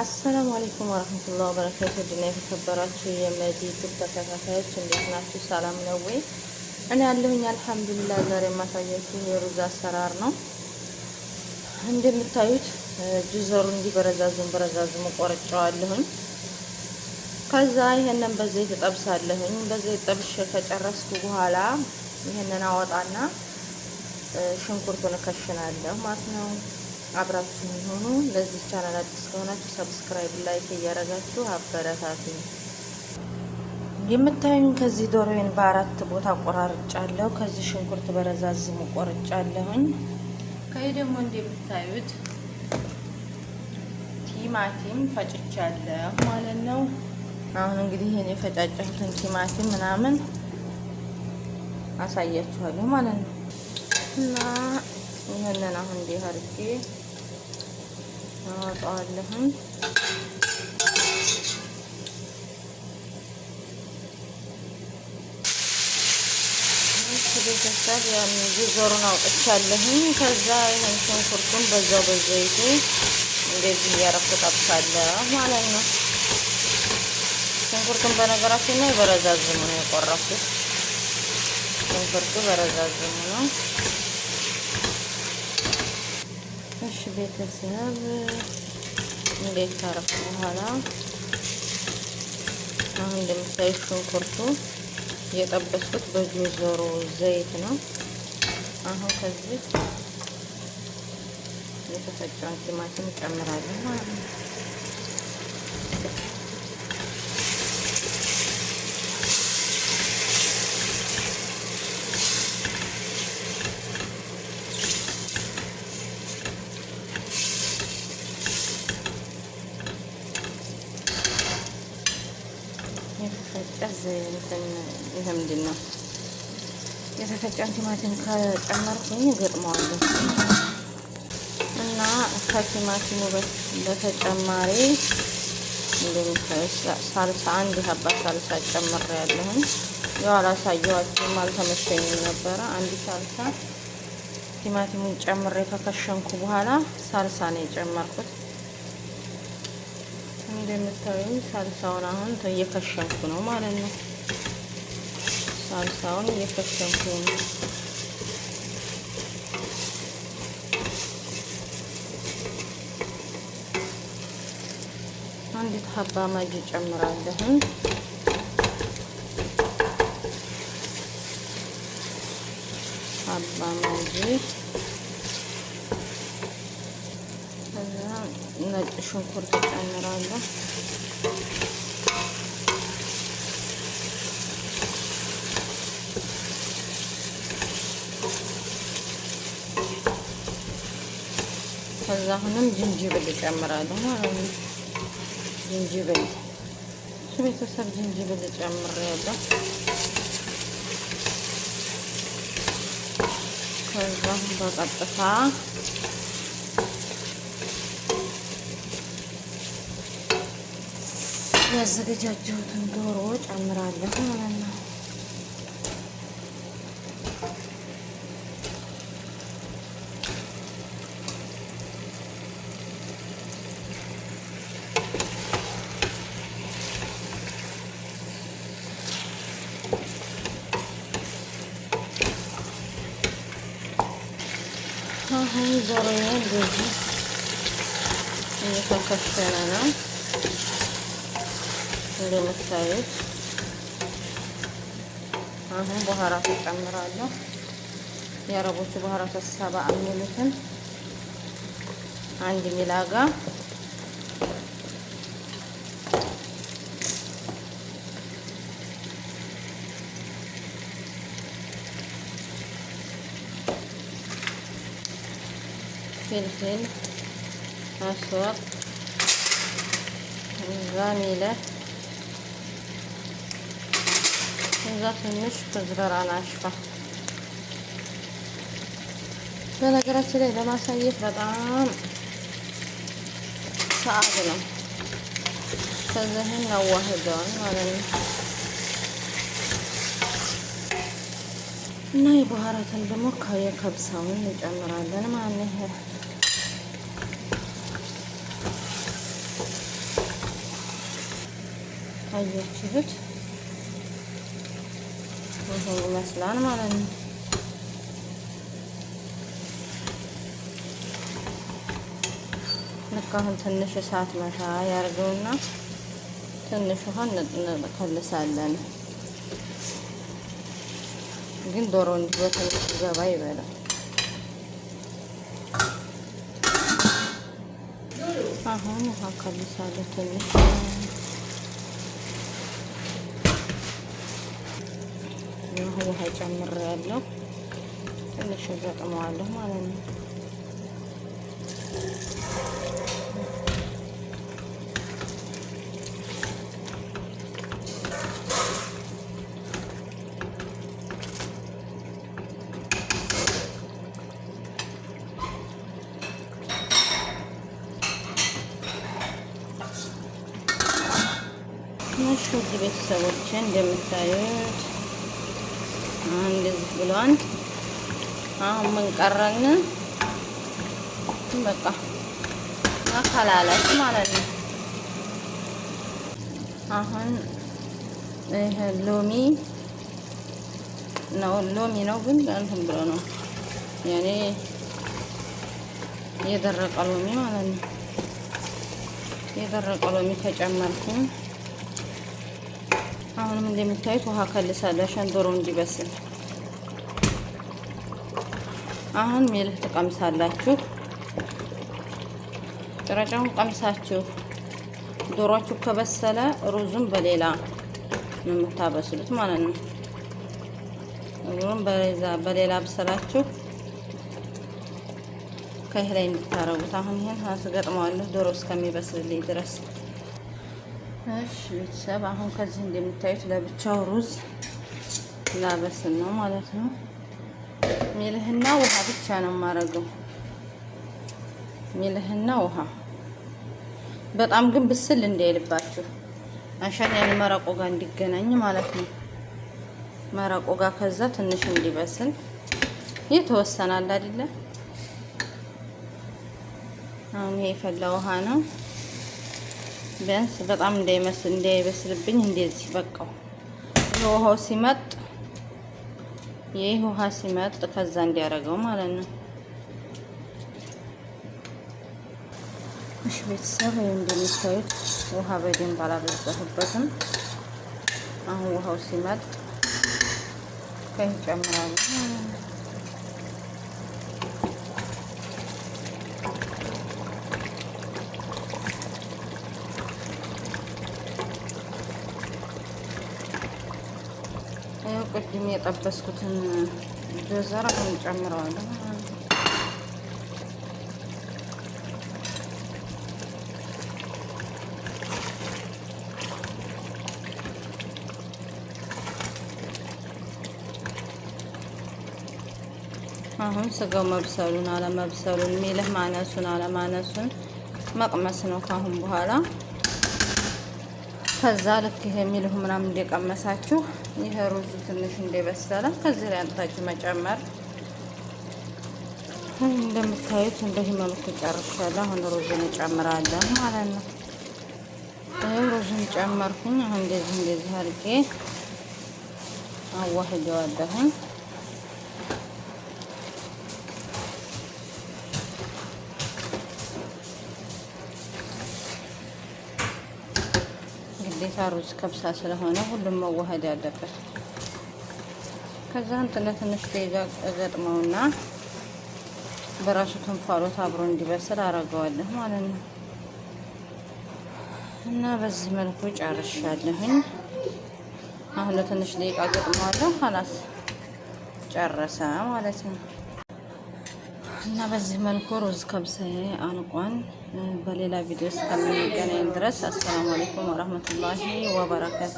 አሰላሙ አለይኩም ወረህመቱላሂ ወበረካቱ ድና የተከበራችሁ የመዲ ዩቲዩብ ተከታታዮች እንዴት ናችሁ? ሰላም ነው ወይ? እኔ ያለሁኝ አልሐምዱሊላህ። ዛሬ የማሳያችሁ የሩዝ አሰራር ነው። እንደምታዩት ጁዘሩ እንዲህ በረዛዝም በረዛዝም ቆርጬዋለሁኝ። ከዛ ይህንን በዘይት እጠብሳለሁኝ። በዘይት ጠብሼ ከጨረስኩ በኋላ ይህንን አወጣና ሽንኩርቱን እከሽናለሁ ማለት ነው። አብራችሁ የሚሆኑ ለዚህ ቻናል አዲስ ከሆናችሁ ሰብስክራይብ፣ ላይክ እያደረጋችሁ አበረታቱኝ። የምታዩኝ ከዚህ ዶሮዬን በአራት ቦታ ቆራርጫለሁ። ከዚህ ሽንኩርት በረዛዝሙ ቆርጫለሁኝ። ከዚህ ደግሞ እንደምታዩት ቲማቲም ፈጭቻለሁ ማለት ነው። አሁን እንግዲህ ይሄን የፈጫጨሁትን ቲማቲም ምናምን አሳያችኋለሁ ማለት ነው እና ይህንን አሁን እንዲህ አድርጌ አወጣዋለሁኝ። ቤተሰብ ዞሩን አውጥቻለሁኝ። ከዛ ይህን ሽንኩርቱን በዛው በዘይቱ እንደዚህ እያረኩ ጠብሳለሁ ማለት ነው። ሽንኩርቱን በነገራችን ላይ በረዛዝሙ ነው የቆረፉት ሽንኩርቱ በረዛዝሙ ነው። እሺ ቤተሰብ እንዴት ካረኩ በኋላ አሁን እንደምታዩ ሽንኩርቱ የጠበስኩት በጆዘሮ ዘይት ነው። አሁን ከዚህ የተፈጨውን ቲማቲም እጨምራለሁ ማለት ነው። ይሄ ምንድን ነው? የተፈጨን ቲማቲም ከጨመርኩኝ ገጥመዋለሁ እና ከቲማቲሙ በተጨማሪ ሳልሳ አንድ ሀባ ሳልሳ ጨምሬያለሁኝ። ያው አላሳየኋችሁም አልተመቸኝም ነበረ። አንድ ሳልሳ ቲማቲሙን ጨምሬ ከከሸንኩ በኋላ ሳልሳ ነው የጨመርኩት። እንደምታዩኝ ሳልሳውን አሁን እየከሸንኩ ነው ማለት ነው። ሳልሳውን እየከሰንኩ ነው። አንዲት ሀባ ማጅ ጨምራለሁን። ሀባ ማጅ ነጭ ሽንኩርት ጨምራለሁ። ከዛ አሁንም ዝንጅብል እጨምራለሁ ማለት ነው። ዝንጅብል እሱ ቤተሰብ ዝንጅብል እጨምራለሁ። ከዛ በቀጥታ ያዘገጃጀሁትን ዶሮ ጨምራለሁ ማለት ነው። አሁን ዶሮዬ እንደዚህ እየተከፈለ ነው እንደምታዩት። አሁን በኋራት እጨምራለሁ። የአረቦቹ በኋራት ሰባ የሚሉትን አንድ ሚላጋ فلفل أسود فانيلا وزاتنش كزبر على عشفة በነገራችን ላይ ለማሳየት በጣም ሰዓት ነው። ከዚህን እናዋህደዋል ማለት ነው እና የበኋራትን ደግሞ ከብሳውን እንጨምራለን ማለት ነው። አያችሁት? ይህን ይመስላል ማለት ነው። ልካሁን ትንሽ እሳት መታ ያርገውና ትንሽ ውሃ እንከልሳለን። ግን ዶሮ እንዲህ በትንሽ ገባ ይበላል። አሁን ውሃ ከልሳለሁ ትንሽ እና ውሃ ጨምር ያለው ትንሽ ዘጥመዋለሁ ማለት ነው። ቤተሰቦችን እንደምታዩት እንደዚህ ብሏል። አሁን ምን ቀረን? በቃ መከላለስ ማለት ነው። አሁን ይሄ ሎሚ ነው፣ ሎሚ ነው ግን እንትን ብሎ ነው ያኔ የደረቀ ሎሚ ማለት ነው። የደረቀ ሎሚ ተጨመርኩኝ። አሁንም እንደምታዩት ውሃ ከልሳለሁ አሸን ዶሮ እንዲበስል። አሁን ሚልህ ትቀምሳላችሁ። ጥረጫውን ቀምሳችሁ ዶሯችሁ ከበሰለ ሩዙን በሌላ ነው የምታበስሉት ማለት ነው። ሩዙም በሌላ ብሰላችሁ ከይህ ላይ እንድታረጉት። አሁን ይህን አስገጥመዋለሁ ዶሮ እስከሚበስልልኝ ድረስ እሺ ቤተሰብ አሁን ከዚህ እንደምታዩት ለብቻው ሩዝ ላበስል ነው ማለት ነው። ሚልህና ውሃ ብቻ ነው የማደርገው። ሚልህና ውሃ በጣም ግን ብስል እንዳይልባችሁ አንሻን ያን መረቆ ጋር እንዲገናኝ ማለት ነው። መረቆ ጋር ከዛ ትንሽ እንዲበስል የተወሰናል አይደለ? አሁን ይሄ የፈላ ውሃ ነው። ቢያንስ በጣም እንዳይበስልብኝ እንደዚህ በቃው። ውሃው ሲመጥ ይህ ውሃ ሲመጥ ከዛ እንዲያደርገው ማለት ነው። እሺ ቤተሰብ ይህ እንደሚታዩት ውሃ በደንብ አላበዛሁበትም። አሁን ውሃው ሲመጥ ከጨምራለሁ። ቅድም የጠበስኩትን ዶዘር አሁን ጨምረዋለሁ። አሁን ስጋው መብሰሉን አለመብሰሉን ሚልህ ማነሱን አለማነሱን መቅመስ ነው ካሁን በኋላ። ከዛ ልክ ይሄ ሚልሁ ምናምን እንደቀመሳችሁ ይሄ ሩዙ ትንሽ እንደበሰለ ከዚህ ላይ አንጣጭ መጨመር። እንደምታዩት እንደዚህ መልኩ ጨርሻለሁ። አሁን ሩዙን እጨምራለሁ ማለት ነው። ይህ ሩዙን ጨመርኩኝ። አሁን እንደዚህ እንደዚህ አድርጌ አዋህደዋለሁኝ። ግዴታ ሩዝ ከብሳ ስለሆነ ሁሉም መዋሃድ ያለበት። ከዛን እንትን ለትንሽ ደቂቃ እገጥመውና በራሱ ትንፋሎት አብሮ እንዲበስል አረገዋለሁ ማለት ነው። እና በዚህ መልኩ ጨርሻለሁኝ። አሁን ለትንሽ ደቂቃ ገጥመዋለሁ። ኋላስ ጨረሰ ማለት ነው። እና በዚህ መልኩ ሩዝ ከብሳዬ አንቋን። በሌላ ቪዲዮ እስከምንገናኝ ድረስ አሰላሙ አለይኩም ወረህመቱላሂ ወበረካቱ።